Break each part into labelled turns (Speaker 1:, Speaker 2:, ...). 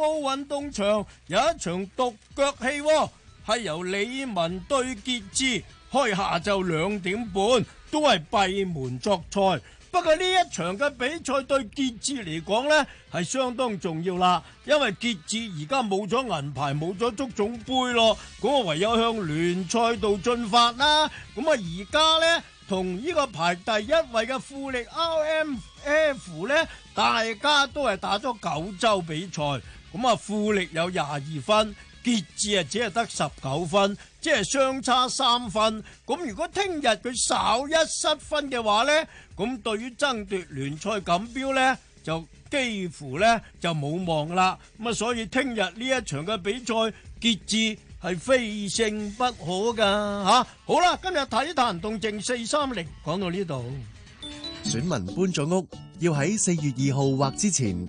Speaker 1: 奧運東場有一場獨腳戲，係由李文對傑志，開下晝兩點半，都係閉門作賽。不過呢一場嘅比賽對傑志嚟講咧，係相當重要啦，因為傑志而家冇咗銀牌，冇咗足總杯咯，咁啊唯有向聯賽度進發啦。咁啊而家咧同呢個排第一位嘅富力 R&F 咧，大家都係打咗九周比賽。咁啊，富力有廿二分，傑志啊只係得十九分，即係相差三分。咁如果聽日佢稍一失分嘅話咧，咁對於爭奪聯賽錦標咧，就幾乎咧就冇望啦。咁啊，所以聽日呢一場嘅比賽，傑志係非勝不可噶吓、啊。好啦，今日體壇動靜四三零，講到呢度。選民搬咗屋，要喺四月二號或之前。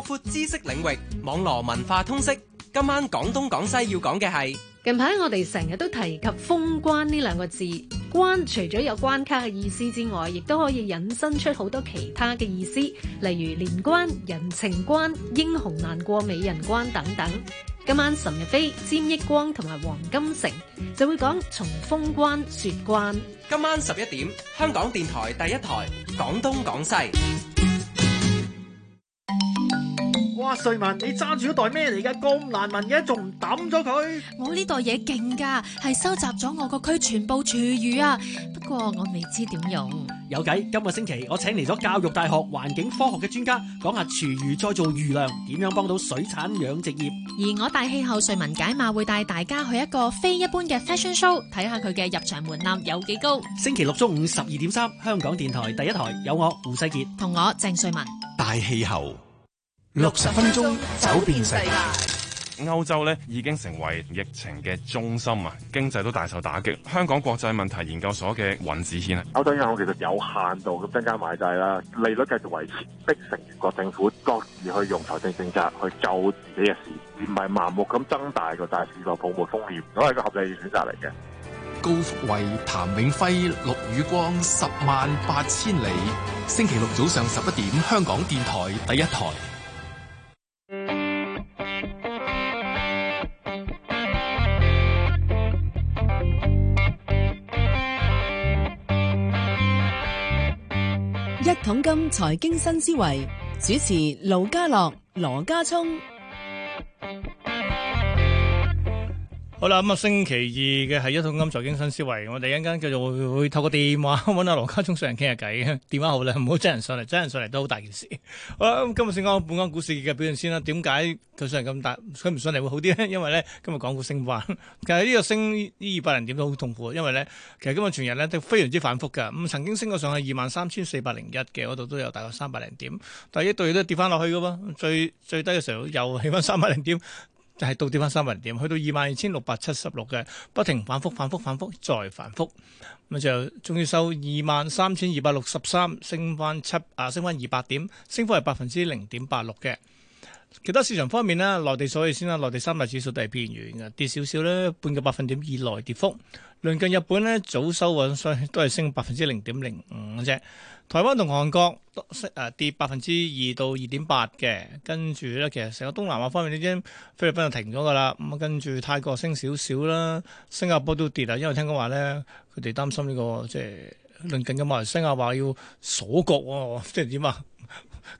Speaker 1: 擴闊知識領域，網羅文化通識。今晚廣東廣
Speaker 2: 西要講嘅係，近排我哋成日都提及“封關”呢兩個字。關除咗有關卡嘅意思之外，亦都可以引申出好多其他嘅意思，例如年關、人情關、英雄難過美人關等等。今晚岑日飛、詹益光同埋黃金城就會講從封關說關。
Speaker 1: 今晚十一點，香港電台第一台廣東廣西。阿、啊、瑞文，你揸住嗰袋咩嚟噶？咁難聞嘅，仲唔抌
Speaker 2: 咗佢？我呢袋嘢勁噶，係收集咗我個區全部廚餘啊！不過我未知點用。
Speaker 1: 有計，今個星期我請嚟咗教育大學環境科學嘅專家，講下廚餘再做魚糧，點樣幫到水產養殖業。而我大氣候瑞文解碼會帶大家去一個非一般嘅 fashion show，睇下佢嘅入場門檻有幾高。星期六中午十二點三，香港電台第一台有我胡世杰同我鄭瑞文大氣候。六十分鐘走遍世界。歐洲呢，已經成為疫情嘅中心啊，經濟都大受打擊。香港國際問題研究所嘅
Speaker 2: 尹子軒啊，歐洲央行其實有限度咁增加買債啦，利率繼續維持，逼
Speaker 1: 成員國政府各自去用財政政策去救自己嘅事，而唔係盲目咁增大個
Speaker 2: 大市場、那個、泡沫風險。咁係個合理選擇嚟嘅。
Speaker 1: 高福慧、譚永輝、陸
Speaker 2: 宇光，十萬八千里。星期六早上十一點，香港電台第一台。一桶金財經新思維，
Speaker 1: 主持盧家樂、羅家聰。好啦，咁、嗯、啊星期二嘅係一桶金之財經新思維，我哋一陣間繼續會會透過電話揾阿羅家聰上嚟傾下偈嘅，電話、啊、好啦，唔好真人上嚟，真人上嚟都好大件事。好啦，咁、嗯、今日先講本港股市嘅表現先啦。點解佢上嚟咁大？佢唔上嚟會好啲咧？因為呢今日港股升翻，但係呢個升呢二百零點都好痛苦，因為呢其實今日全日咧都非常之反復噶。咁曾經升過上去二萬三千四百零一嘅，嗰度都有大概三百零點，但係一到都跌翻落去噶喎。最最低嘅時候又起翻三百零點。就係到跌翻三百零點，去到二萬二千六百七十六嘅，不停反覆反覆反覆再反覆咁，就仲要收二萬三千二百六十三，升翻七啊，升翻二百點，升幅係百分之零點八六嘅。其他市場方面呢，內地所以先啦，內地三大指數都係偏軟嘅，跌少少呢，半個百分點以內跌幅。鄰近日本呢，早收穩，所以都係升百分之零點零五啫。台灣同韓國升跌百分之二到二點八嘅，跟住咧，其實成個東南亞方面已經菲律賓就停咗噶啦。咁啊，跟住泰國升少少啦，新加坡都跌啦，因為聽講話咧，佢哋擔心呢、這個即係鄰近嘅馬來西亞話要鎖國喎、哦，即係點啊？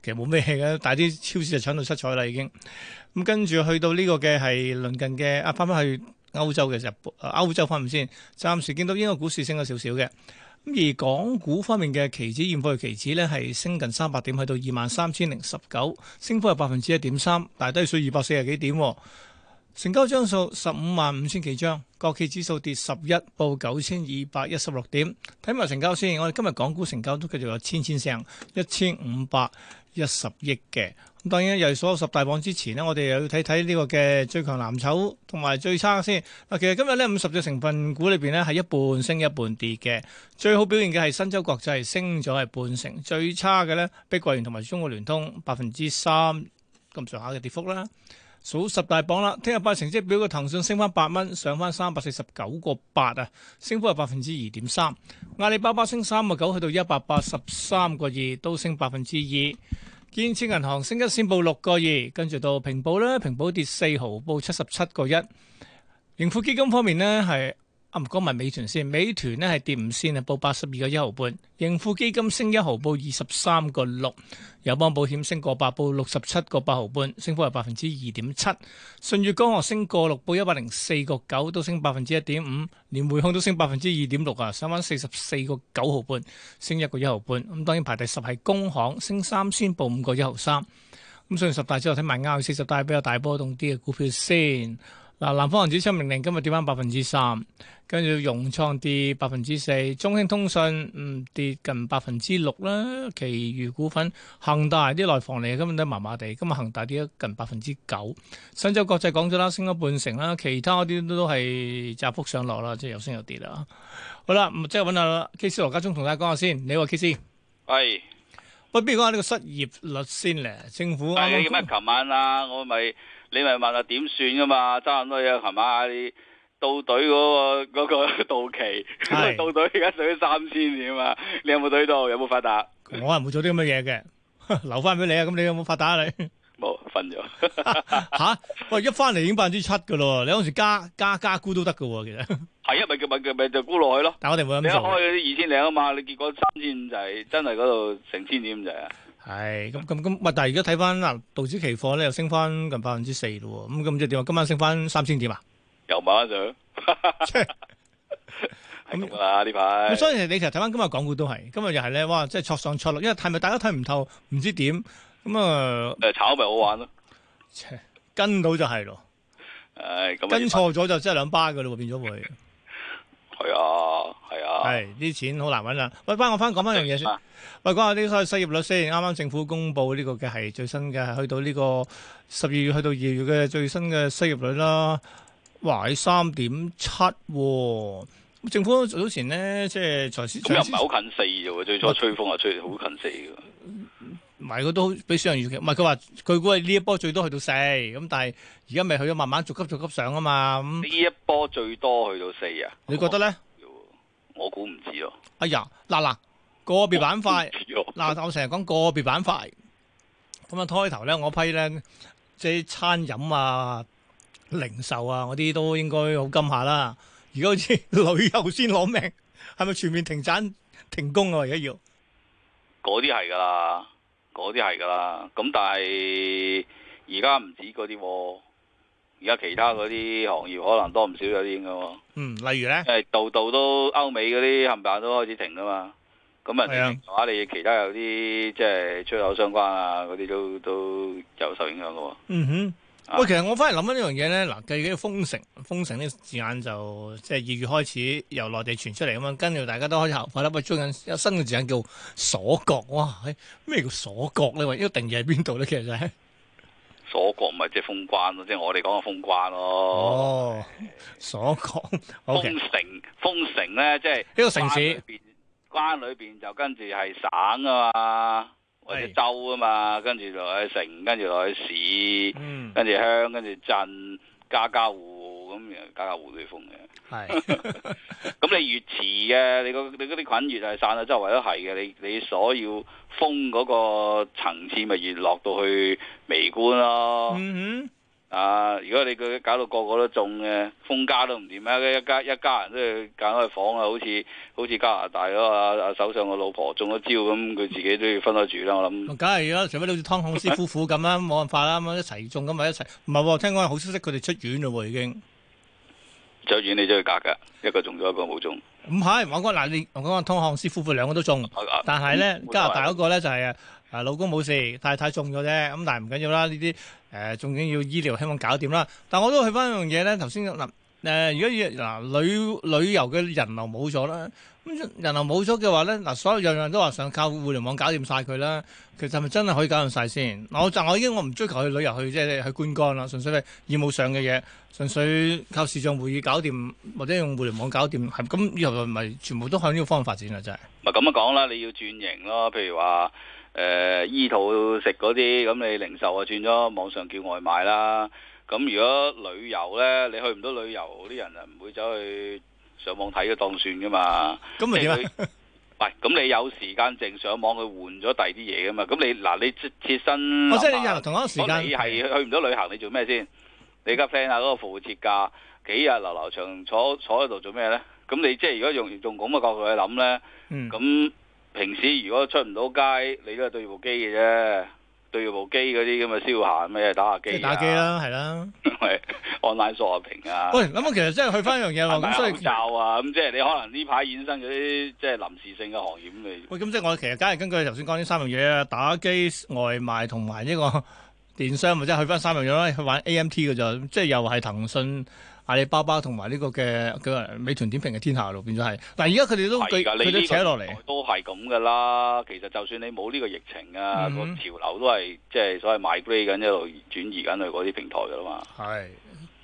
Speaker 1: 其實冇咩嘅，但係啲超市就搶到七彩啦已經。咁跟住去到呢個嘅係鄰近嘅，啊翻翻去歐洲嘅日本啊歐洲方面先，暫時見到英國股市升咗少少嘅。而港股方面嘅期指、現貨嘅期指呢，係升近三百點去到二萬三千零十九，升幅係百分之一點三，但低水二百四十幾點。成交張數十五萬五千幾張，國企指數跌十一，報九千二百一十六點。睇埋成交先，我哋今日港股成交都繼續有千千上一千五百一十億嘅。咁當然又係有十大榜之前呢，我哋又要睇睇呢個嘅最強藍籌同埋最差先。嗱，其實今日呢，五十隻成分股裏邊呢，係一半升一半跌嘅。最好表現嘅係申洲國際升咗係半成，最差嘅呢，碧桂園同埋中國聯通百分之三咁上下嘅跌幅啦。數十大榜啦，聽日八成績表嘅騰訊升翻八蚊，上翻三百四十九個八啊，升, 8，升幅係百分之二點三。阿里巴巴升三個九，去到一百八十三個二，都升百分之二。建設銀行升一仙報六個二，跟住到平保咧，平保跌四毫，報七十七個一。盈富基金方面呢，係。啊，唔講埋美團先，美團呢係跌五仙啊，報八十二個一毫半；盈富基金升一毫，報二十三個六；友邦保險升個八，報六十七個八毫半，升幅係百分之二點七；舜宇光學升個六，報一百零四個九，都升百分之一點五；連匯控都升百分之二點六啊，上翻四十四個九毫半，升一個一毫半。咁當然排第十係工行，升三仙，報五個一毫三。咁上十大之後睇埋啱四十大比較大波動啲嘅股票先。嗱，南方恆指出面令今日跌翻百分之三，跟住融創跌百分之四，中興通信嗯跌近百分之六啦，其餘股份、恒大啲內房嚟，根本都麻麻地，今日恒大跌咗近百分之九，新洲國際講咗啦，升咗半成啦，其他嗰啲都都係窄幅上落啦，即係有升有跌啦。好啦，即係揾下 K 師羅家忠同大家講下先，你話 K 師係，喂不如講下呢個失業率先咧，政府琴
Speaker 2: 晚啊，我咪。你咪問下、啊、點算啊嘛，差唔多嘢係嘛？到隊嗰個嗰、嗰個到期，到隊而家漲咗三千點啊，啊！你有冇隊到？有冇發達？
Speaker 1: 我係唔會做啲咁嘅嘢嘅，留翻俾你啊！咁你有冇發達啊？你冇瞓咗吓！喂，一翻嚟已經百分之七噶咯，你嗰陣加加加估都得噶喎，其實
Speaker 2: 係啊，咪叫咪咪就估、是、落去咯。但我哋冇咁做。你一開嗰啲二千零啊嘛，你結果三千五就係真係嗰度成千點就係啊！
Speaker 1: 係咁咁咁喂！但係而家睇翻嗱，道指期貨咧又升翻近百分之四咯喎！咁咁即係點啊？今晚升翻三千點啊？
Speaker 2: 又馬不上，即係咁噶啦呢排。咁、 嗯、所以你
Speaker 1: 其實睇翻今日港股都係，今日又係咧，哇！即係挫上挫落，因為係咪大家睇唔透，唔知點咁啊？
Speaker 2: 誒、嗯，炒咪好玩咯，
Speaker 1: 跟到就係咯，誒、
Speaker 2: 哎，跟錯
Speaker 1: 咗就即係兩巴噶咯喎，變咗會係 啊。係啲、 啊、錢好難揾啦，喂，翻我翻講翻樣嘢先，啊、喂，講下啲失業率先。啱啱政府公布呢個嘅係最新嘅，去到呢個十二月去到二月嘅最新嘅失業率啦，哇三點七。咁、哦、政府早前呢，即係財市，唔係好
Speaker 2: 近四啫喎。最初吹風啊，吹好近四嘅。
Speaker 1: 唔係，佢、 嗯、都比市場預期。唔係，佢話佢估係呢一波最多去到四，咁但係而家咪去咗，慢慢逐級逐級上啊嘛。
Speaker 2: 咁呢一波最多去到四啊？你覺得咧？我估唔知
Speaker 1: 咯。哎呀，嗱嗱個別板塊，嗱我成日講個別板塊。咁啊，開頭咧我批咧，即係餐飲啊、零售啊嗰啲都應該好金下啦。而家好似旅遊先攞命，係咪全面停產停工啊？而家要
Speaker 2: 嗰啲係噶啦，嗰啲係噶啦。咁但係而家唔止嗰啲。而家其他嗰啲行業可能多唔少有啲影響嘅喎，嗯，例如咧，誒度度都歐美嗰啲冚唪唥都開始停啦嘛，咁啊，啊你的其他有啲即係出口相關啊嗰啲都都有受影響嘅喎，
Speaker 1: 啊。嗯哼，啊、喂，其實我翻嚟諗緊呢樣嘢咧，嗱，計起封城，封城呢個字眼就即係二月開始由內地傳出嚟咁樣，跟住大家都開始後怕喇。喂，最近有新嘅字眼叫鎖國，哇，咩叫鎖國咧？喂，呢個定義喺邊度咧？其實、就是
Speaker 2: 鎖國咪即係封關咯，即係我哋講嘅封關咯。
Speaker 1: 哦，鎖國，okay. 封
Speaker 2: 城，封城咧，即係呢個城市邊關裏邊就跟住係省啊嘛，是或者州啊嘛，跟住落去城，跟住落去市，嗯，跟住鄉，跟住鎮，家家戶戶咁樣，家家戶戶都封嘅。加加係，咁 你越遲嘅，你個你嗰啲菌越係散到周圍都係嘅。你你，你所要封嗰個層次咪越落到去微觀咯。嗯哼，啊，如果你佢搞到個個都中嘅，封家都唔掂啊！一家一家人都要隔開房啊，好似好似加拿大啊，首相個老婆中咗招咁，佢、嗯、自己都要分開住啦。我諗，梗
Speaker 1: 係啦，除非你好似湯漢斯夫婦咁啦，冇 辦法啦，咁一齊中，咁咪一齊。唔係，聽講好消息，佢哋出院啦喎，已經。
Speaker 2: 就遠你就要隔㗎，一個中咗，一個冇中。
Speaker 1: 唔係，我講嗱，你我講阿湯漢師夫婦兩個都中，啊、但係咧、嗯、加拿大嗰個咧就係、是、啊，啊老公冇事，太太中咗啫。咁、啊、但係唔緊要啦，呢啲誒重點要醫療，希望搞掂啦。但我都去翻一樣嘢咧，頭先諗。誒、呃，如果嗱，旅旅遊嘅人流冇咗啦，咁人流冇咗嘅話咧，嗱，所有樣樣都話想靠互聯網搞掂晒佢啦，其實係咪真係可以搞掂晒先？我就我已經我唔追求去旅遊去即係去觀光啦，純粹係業務上嘅嘢，純粹靠視像會議搞掂或者用互聯網搞掂，係咁以後咪全部都向呢個方向發展啦，真
Speaker 2: 係。咪咁樣講啦，你要轉型咯，譬如話誒，醫、呃、肚食嗰啲，咁你零售啊，轉咗網上叫外賣啦。咁如果旅遊咧，你去唔到旅遊啲人啊，唔會走去上網睇嘅當算㗎嘛。咁你唔係，咁 你有時間剩上網去換咗第二啲嘢㗎嘛？咁你嗱，你，你，你切，切身，哦啊、即係你又同一時間，你係去唔到旅行，你做咩先？你而家 friend 下嗰個復活節假幾日流流長坐坐喺度做咩咧？咁你即係如果用仲咁嘅角度去諗咧，咁、嗯、平時如果出唔到街，你都係對部機嘅啫。對住部機嗰啲咁嘅消閒咩打下機、啊、打機啦係啦，係 online shopping 啊。喂，
Speaker 1: 咁啊其實即係去翻一樣嘢喎，咁所以罩
Speaker 2: 啊，咁即係你可能呢排衍生咗啲即係臨時性嘅行業咁嚟。
Speaker 1: 喂、咁、嗯、即係我其實梗係根據頭先講呢三樣嘢啊，打機、外賣同埋呢個電商，咪即係去翻三樣嘢咯，去玩 AMT 嘅就，即係又係騰訊。阿里巴巴同埋呢個嘅嘅美團點評嘅天下路變咗係，但係而家佢哋都佢的都扯落嚟，
Speaker 2: 都係咁噶啦。其實就算你冇呢個疫情啊，個、嗯、哼潮流都係即係所謂買貴緊一路轉移緊去嗰啲平台噶啦嘛。
Speaker 1: 係，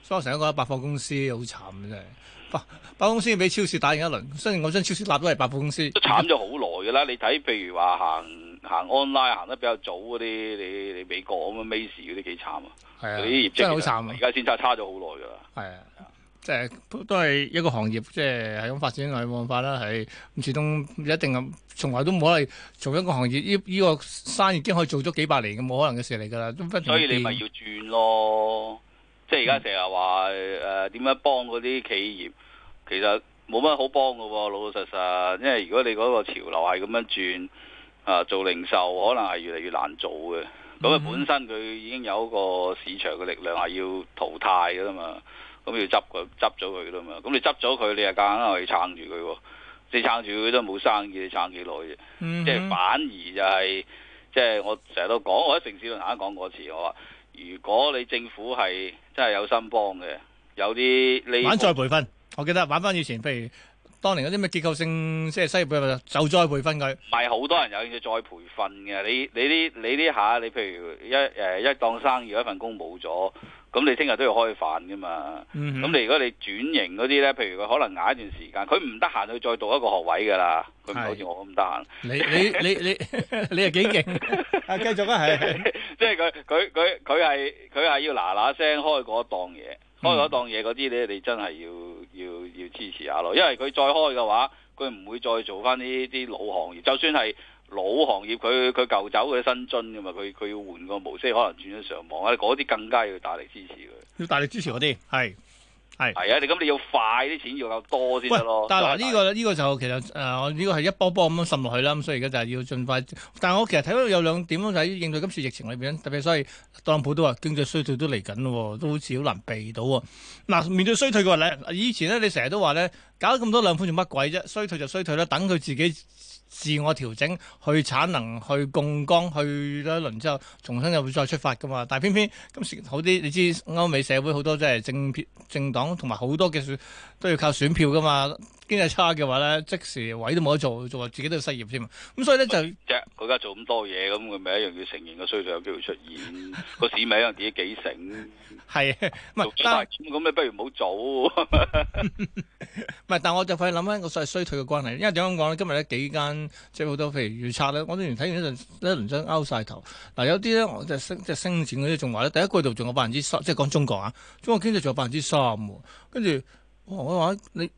Speaker 1: 所以我成日覺得百貨公司好慘真係。百百貨公司俾超市打贏一輪，雖然我將超市立都係百貨公司，都慘咗
Speaker 2: 好耐噶啦。 你睇譬如話行。行 online 行得比較早嗰啲，你你美國咁樣咩事嗰啲幾慘啊！係啊，啲業績係好慘啊！而家先差差咗好耐噶啦。
Speaker 1: 係啊，即係都係一個行業，即係係咁發展冇辦法啦。係唔始終一定咁，從來都冇可能。做一個行業，呢呢個生意已經可以做咗幾百年，咁冇可能嘅事嚟㗎啦。所以你咪要
Speaker 2: 轉咯。即係而家成日話誒點樣幫嗰啲企業，其實冇乜好幫嘅喎。老老實實，因為如果你嗰個潮流係咁樣轉。啊！做零售可能係越嚟越難做嘅。咁啊本身佢已經有一個市場嘅力量係要淘汰㗎啦嘛，咁要執佢執咗佢啦嘛，咁你執咗佢，你又硬硬去撐住佢喎、哦，你撐住佢都冇生意，你撐幾耐啫？嗯哼即係反而就係，即係我成日都講，我喺城市論壇講過一次，我話如果你政府係真係有心幫嘅，有啲你玩再培
Speaker 1: 訓，我記得玩返以前，譬如。當年嗰啲咩結構性即係西貝就再培訓佢，
Speaker 2: 唔係好多人有興趣再培訓嘅。你你啲你啲嚇，你譬如一誒一檔生意一份工冇咗，咁你聽日都要開飯噶嘛。咁、嗯、你如果你轉型嗰啲咧，譬如佢可能捱一段時間，佢唔得閒去再讀一個學位㗎啦。佢唔好似我咁得閒。你你你 你
Speaker 1: 你係幾勁？阿 繼續啊，係
Speaker 2: 即係佢佢佢佢係佢係要嗱嗱聲開嗰檔嘢，開嗰檔嘢嗰啲咧，你真係要。 支持下咯，因為佢再開嘅話，佢唔會再做翻呢啲老行業。就算係老行業，佢佢舊酒嘅新樽，㗎嘛，佢佢要換個模式，可能轉咗上網啊，嗰啲更加要大力支持佢。
Speaker 1: 要大力支持嗰啲，係。
Speaker 2: 係係啊！你咁你要
Speaker 1: 快啲，錢要夠多先得咯。但係嗱，呢個呢個就其實誒，呢個係一波波咁滲落去啦。咁所以而家就係要盡快。但係我其實睇到有兩點喺應對今次疫情裏邊，特別所以特朗普都話經濟衰退都嚟緊咯，都好似好難避到。嗱，面對衰退嘅話咧，以前咧你成日都話咧，搞咁多兩款做乜鬼啫？衰退就衰退啦，等佢自己。自我調整去產能去槓桿去咗一輪之後，重新又會再出發噶嘛？但係偏偏今時好啲，你知歐美社會好多即係政政黨同埋好多嘅選都要靠選票噶嘛？經濟差嘅話咧，即時位都冇得做，做啊自己都要失業添啊。咁所以咧就
Speaker 2: 只嗰家做咁多嘢，咁佢咪一樣要承認個衰退有機會出現個市面又跌幾成係唔係？單咁你不如唔好做
Speaker 1: 唔係？ 但我就快諗翻個所謂衰退嘅關係，因為點樣講咧？今日咧幾間即係好多，譬如預測咧，我之前睇完一陣，一輪樽勾晒頭嗱。有啲咧，我即係升即係、就是、升轉嗰啲，仲話咧，第一季度仲有百分之三，即係講中國啊，中國經濟仲有百分之三。跟住我話你。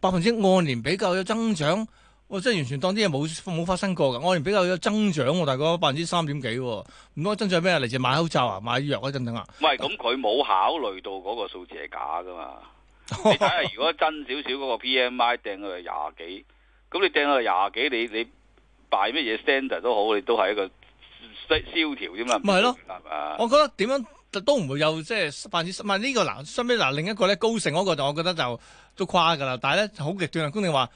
Speaker 1: 百分之按年比較有增長，我真係完全當啲嘢冇冇發生過㗎。按年比較有增長，大概百分之三點幾，唔通增長咩嚟？自係買口罩啊，買藥啊等等啊？
Speaker 2: 唔係，咁佢冇考慮到嗰個數字係假㗎嘛？你睇下，如果真少少嗰個 PMI 掟佢廿幾，咁你掟佢廿幾，你你拜咩嘢 standard 都好，你都係一個蕭條啫嘛。唔係咯，
Speaker 1: 我覺得點樣？都唔會有即係、就是、百分之十。唔、啊這個、呢個嗱，相比嗱另一個咧高盛嗰個就我覺得就都誇㗎啦。但係咧好極端啊，公定話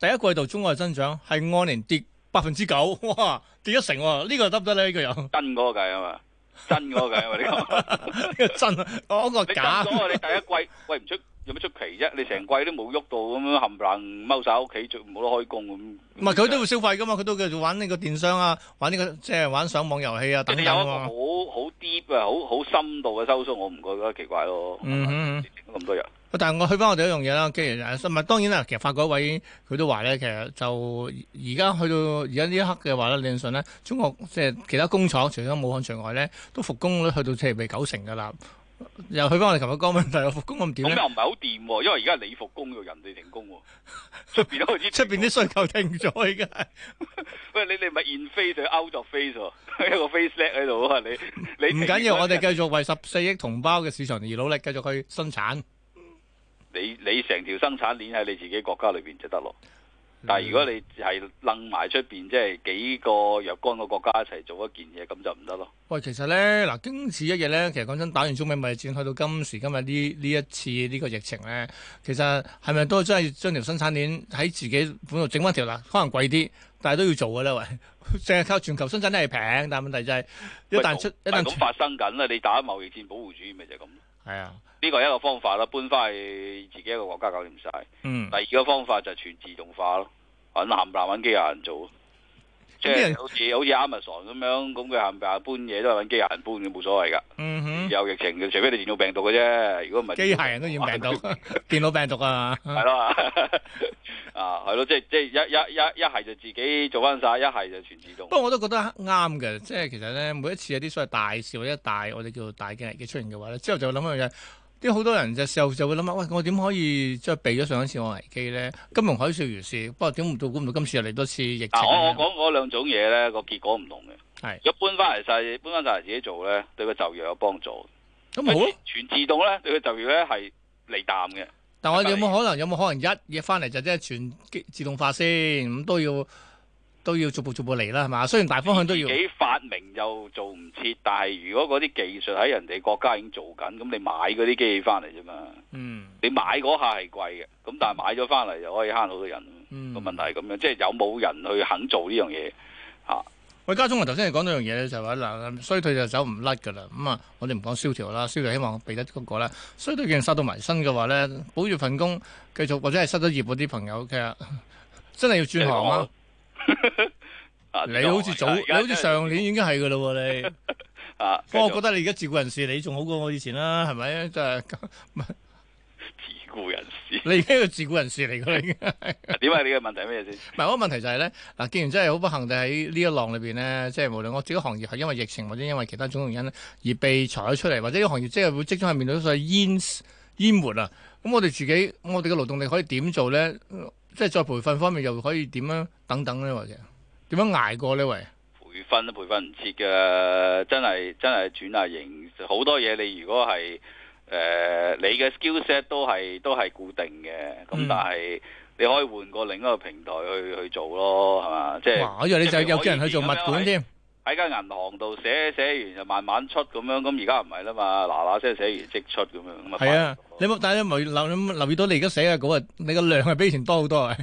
Speaker 1: 第一季度中國嘅增長係按年跌百分之九，哇，跌一成喎、啊！呢、這個得唔得咧？呢、這個有？
Speaker 2: 真嗰個計啊嘛， 真嗰個計啊
Speaker 1: 呢個真嗰、那個假。你減你第一季 喂唔
Speaker 2: 出。有乜出奇啫？你成季都冇喐到咁樣，冚唪唥踎晒屋企，仲冇得開工咁。唔係
Speaker 1: 佢都會消費噶嘛？佢都叫做玩呢個電商啊，玩呢、呢個即係玩上網遊戲啊，等，等有一個。好
Speaker 2: 好 deep 啊，好好深度嘅收縮，我唔覺得奇怪咯。咁、嗯、多
Speaker 1: 人。但係我去翻我哋一樣嘢啦，既然，咁啊，當然啦，其實發改委佢都話咧，其實就而家去到而家呢一刻嘅話咧，理論上咧，中國即係其他工廠除咗武漢除外咧，都復工去到譬如未九成噶啦。又去翻我哋琴日講問題，我復工咁點？咁又唔
Speaker 2: 係好掂喎，因為而家你復工又人哋停工喎，
Speaker 1: 出邊都啲出邊啲需求停咗而家。
Speaker 2: 喂，你哋咪現 face 對 out 作 face 喎， 一個 facelet 喺度啊你你唔緊要，我哋
Speaker 1: 繼續為十四億同胞嘅市場而努力，繼續去生產。
Speaker 2: 你，你成條生產鏈喺你自己國家裏邊就得咯。但係如果你係楞埋出邊，即係幾個若干個國家一齊做一件嘢，咁就唔得咯。
Speaker 1: 喂，其實咧嗱，經此一役咧，其實講真，打完中美貿易戰，去到今時今日呢呢一次呢個疫情咧，其實係咪都真係將，將條生產鏈喺自己本土整翻條啦？可能貴啲，但係都要做嘅咧。喂，淨係靠全球生產都係平，但係問題就係一旦出一旦咁發
Speaker 2: 生緊啦，你打貿易戰保護主義咪就係咁。係啊，呢個係一個方法啦，搬翻去自己一個國家搞掂晒。嗯，mm. 第二個方法就係全自動化咯，揾難唔難揾機械人做啊？即係好似好似 Amazon 咁樣，咁佢行行搬嘢都係揾機械人搬嘅冇所謂㗎。嗯哼，有疫情嘅，除非你電腦病毒嘅啫。如果唔係機械
Speaker 1: 人都染病毒，電腦病毒啊，係咯，啊
Speaker 2: 係咯，即係即係一一一一係就自己做翻晒，一係就全自動。
Speaker 1: 不過 我都覺得啱嘅，即係其實咧，每一次有啲所謂大事或者大，我哋叫做大驚日嘅出現嘅話咧，之後就諗一樣嘢。 因為好多人就就就會諗啊，喂，我點可以再避咗上一次我危機咧？金融海嘯如是，不過點唔到估唔到今次又嚟多次疫情我。我我講
Speaker 2: 嗰兩種嘢咧，個結果唔同嘅。係是。若搬翻嚟晒，搬翻曬嚟自己做咧，對個就業有幫助。
Speaker 1: 咁咪、啊、全，
Speaker 2: 全自動咧？對個就業咧係利淡嘅。
Speaker 1: 但我哋係係有冇可能有冇可能一一翻嚟就即係全機自動化先？咁都要。都要逐步逐步嚟啦，係嘛？雖然大方向都要自己
Speaker 2: 發明又做唔切，但係如果嗰啲技術喺人哋國家已經做緊，咁你買嗰啲機器翻嚟啫嘛。嗯，你買嗰下係貴嘅，咁但係買咗翻嚟就可以慳好多人個、嗯、問題係咁樣，即係有冇人去肯做呢樣嘢啊？
Speaker 1: 喂，家忠啊，頭先你講到樣嘢就就話嗱衰退就走唔甩噶啦。咁、嗯、啊，我哋唔講蕭條啦，蕭條希望避得嗰個啦。衰退已經殺到埋身嘅話咧，保住份工繼續，或者係失咗業嗰啲朋友，OK，其實真係要轉行啊。你說
Speaker 2: 啊這個、你好似早，在你好似上
Speaker 1: 年已經係噶咯你。 啊，不過我覺得你而家，自僱人士你仲好過我以前啦，係咪咧？即係自僱人士， 你而家個自僱人士嚟噶啦，已經。點啊？你嘅問題係咩先？唔係嗰個問題， 問題就係咧，嗱，既然真係好不幸地喺呢一浪裏邊咧，即係無論我自己行業係因為疫情或者因為其他種種原因而被裁咗出嚟，或者啲行業即係會即將係面對所謂淹淹沒啊。咁我哋自己，我哋嘅勞動力可以點做咧？即係在培訓方面又可以點樣等等呢？或者點樣捱過呢？喂，
Speaker 2: 培訓都培訓唔切嘅，真係真係轉下型，好多嘢你如果係誒、呃、你嘅 skillset 都係都係固定嘅，咁但係你可以換過另一個平台去去做咯，係嘛？即係，我以為你就有啲人去做物管添。因為喺間銀行度寫寫完就慢慢出咁樣，咁而家唔係啦嘛，嗱嗱
Speaker 1: 聲寫完即出咁樣。係啊，你冇，但係你留意留意，到你而家寫嘅稿啊，你個量係比以前多好多啊！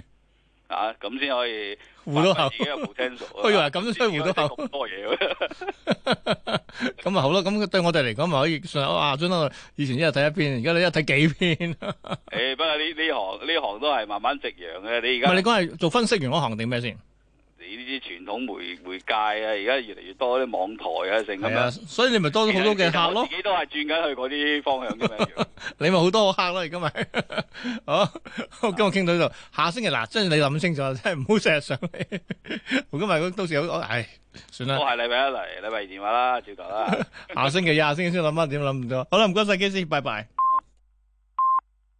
Speaker 1: 啊，咁先
Speaker 2: 可以糊到口。自己有 potential。哎呀，咁都吹糊到口。咁多嘢。
Speaker 1: 咁啊好啦，咁對我哋嚟講，咪可以想哇，原來以前一日睇一篇，而家你一日睇幾篇。誒，
Speaker 2: 不過呢呢行，呢行都係慢慢積揚嘅。你而家唔係，
Speaker 1: 你講係做分析員嗰行定咩先？
Speaker 2: 呢啲傳統媒媒介啊，而家越嚟越多啲網台啊，成咁樣，所
Speaker 1: 以你咪多咗好多嘅客咯。自己
Speaker 2: 都係轉緊去嗰啲方向嘅
Speaker 1: 嘛。你咪好多個客咯，而家咪。好，今日傾到呢度。下星期嗱，真係你諗清楚，真係唔好成日上嚟。而家咪到時，我唉算啦。我係
Speaker 2: 禮拜一嚟，禮拜二電話啦，趙導啦。下星
Speaker 1: 期，下星期先諗翻點，諗唔到。好啦，唔該曬機先，拜拜。